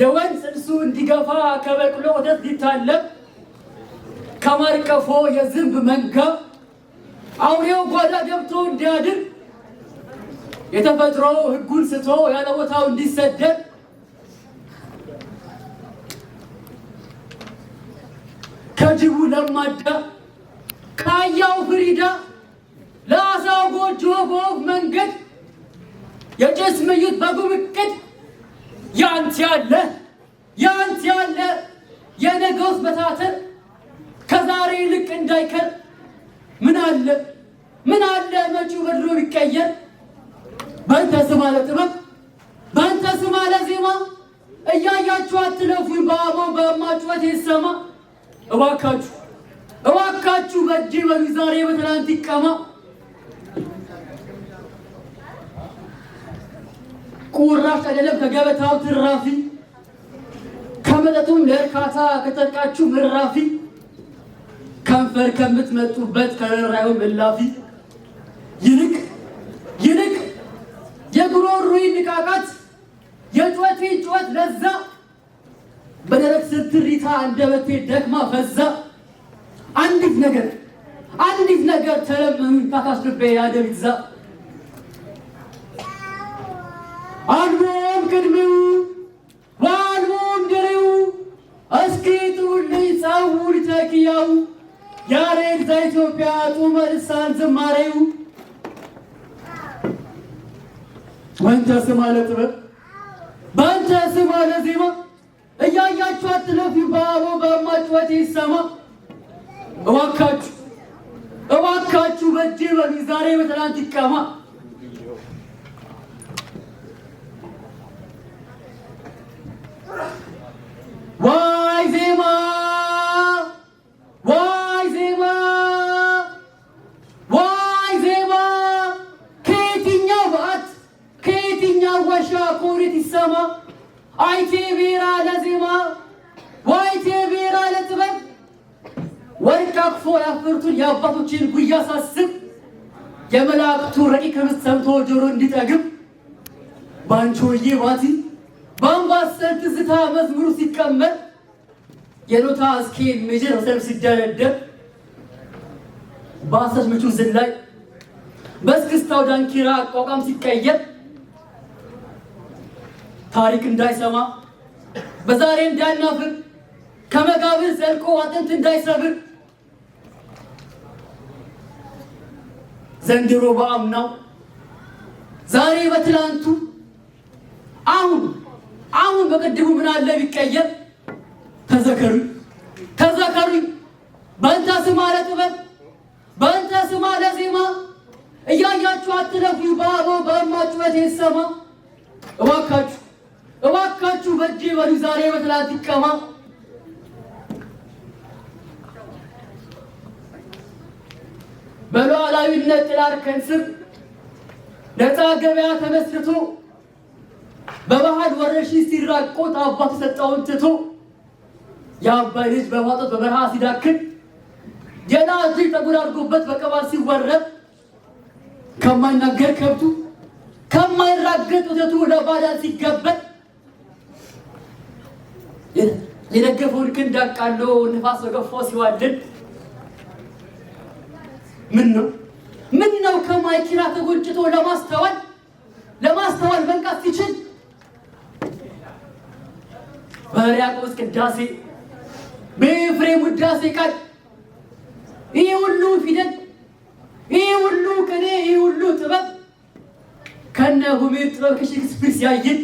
የወንዝ እርሱ እንዲገፋ ከበቅሎ ወተት ሊታለብ ከማርቀፎ የዝንብ መንጋ አውሬው ጓዳ ገብቶ እንዲያድር የተፈጥሮ ሕጉን ስቶ ያለ ቦታው እንዲሰደድ ከጅቡ ለማዳ ከአያው ፍሪዳ ለአሳው ጎጆ በወፍ መንገድ የጭስ ምዩት በጉምቅድ ያንተ ያለ ያንተ ያለ የነገውስ በታተር ከዛሬ ይልቅ እንዳይከር ምን አለ ምን አለ መጪው በድሮ ቢቀየር በአንተ ስም አለ ጥበብ በአንተ ስም አለ ዜማ እያያችሁ አትለፉኝ በአበው በማጩኸት ይሰማ እባካችሁ እባካችሁ በእጄ በሉ ዛሬ በትናንት ይቀማ ቁራሽ አይደለም ከገበታው ትራፊ፣ ከመጠጡም ለእርካታ ከጠጣችሁ ምራፊ፣ ከንፈር ከምትመጡበት ከረራዩ ምላፊ ይልቅ ይልቅ የጉሮሮዬ ንቃቃት የጩኸቴ ጩኸት ለዛ በደረቅ ስትሪታ አንደበቴ ደክማ ፈዛ። አንዲት ነገር አንዲት ነገር ተለመኑኝ ታታስልቤ ያደር አልቦም ቅድሜው ወአልቦም ድሬው እስኪ ጥሩልኝ ጸውር ተኪያው ያሬድ ዘኢትዮጵያ ጡመ ልሳን ዝማሬው ወንተ ስማ ለጥበብ በአንተ ስማ ዜማ እያያችሁ አትለፊ ባሮ በማጭወት ይሰማ እባካችሁ እባካችሁ በእጄ በሉ ዛሬ በትናንት ይቀማ ጋሻ ኮሪት ይሰማ አይቴ ብሔራ ለዜማ ዋይቴ ብሔራ ለጥበብ ወርቅ አቅፎ ያፈሩትን የአባቶችን ጉያ ሳስብ የመላእክቱ ረቂቅ ርምስት ሰምቶ ጆሮ እንዲጠግብ ባንቾዬ ባቲ በአምባሰል ትዝታ መዝሙሩ ሲቀመጥ የኖታ እስኬ ምድር ሰብ ሲደረደር በአሳች ምቹ ዝላይ በእስክስታው ዳንኪራ አቋቋም ሲቀየር ታሪክ እንዳይሰማ በዛሬ እንዳይናፍር ከመቃብር ዘልቆ አጥንት እንዳይሰብር ዘንድሮ በአምናው ዛሬ በትላንቱ አሁን አሁን በቅድሙ ምን አለ ቢቀየር ተዘከሩ ተዘከሩ በእንተ ስማ ለጥበብ በእንተ ስማ ለዜማ እያያችሁ አትለፊ ባሮ በእማጩበት የተሰማ እባካችሁ እባካችሁ በእጄ በሉ ዛሬ በትላት ይቀማ በሉዓላዊነት ጥላ እርከን ስር ነፃ ገበያ ተመስርቶ በባህድ ወረርሽኝ ሲራቆት አባቱ ሰጠውን ትቶ የአባይ ልጅ በማጦት በበረሃ ሲዳክን ጀና እጅ ጠጉር አድርጎበት በቅባት ሲወረብ ከማይናገር ከብቱ ከማይራገጥ ወተቱ ለባዳ ሲገበት የነገፈውን ክንድ አቃሎ ንፋስ ገፎ ሲዋደድ ምን ነው ምን ነው ከማኪና ተጎጭቶ ለማስተዋል ለማስተዋል መንቃት ሲችል በሕርያቆስ ቅዳሴ በኤፍሬም ውዳሴ ቃል ይህ ሁሉ ፊደል ይህ ሁሉ ቅኔ ይህ ሁሉ ጥበብ ከነ ሁሜር ጥበብ ከሼክስፒር ሲያይን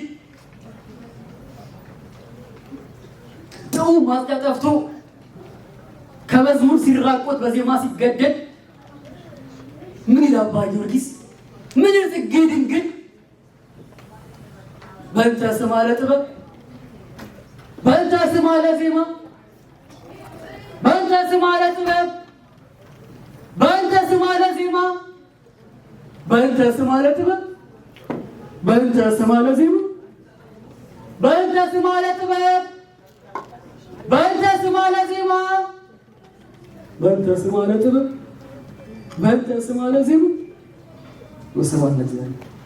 ሰው ማጥቂያ ጠፍቶ ከመዝሙር ሲራቆት በዜማ ሲገደል ምን ይላል አባ ጊዮርጊስ? ምን ጽጌ ድንግል በእንተ ስማ ለጥበብ በእንተ ስማ ለዜማ በእንተ ስማ ለጥበብ በእንተ ስማ ለዜማ በእንተ ስማ ለጥበብ በእንተ ስማ ለዜማ በእንተ ስማ ለጥበብ በእንተ ስማ ለዜማ በእንተ ስማ ለጥበብ በእንተ ስማ ለዜማ ወስብሐት ለእግዚአብሔር።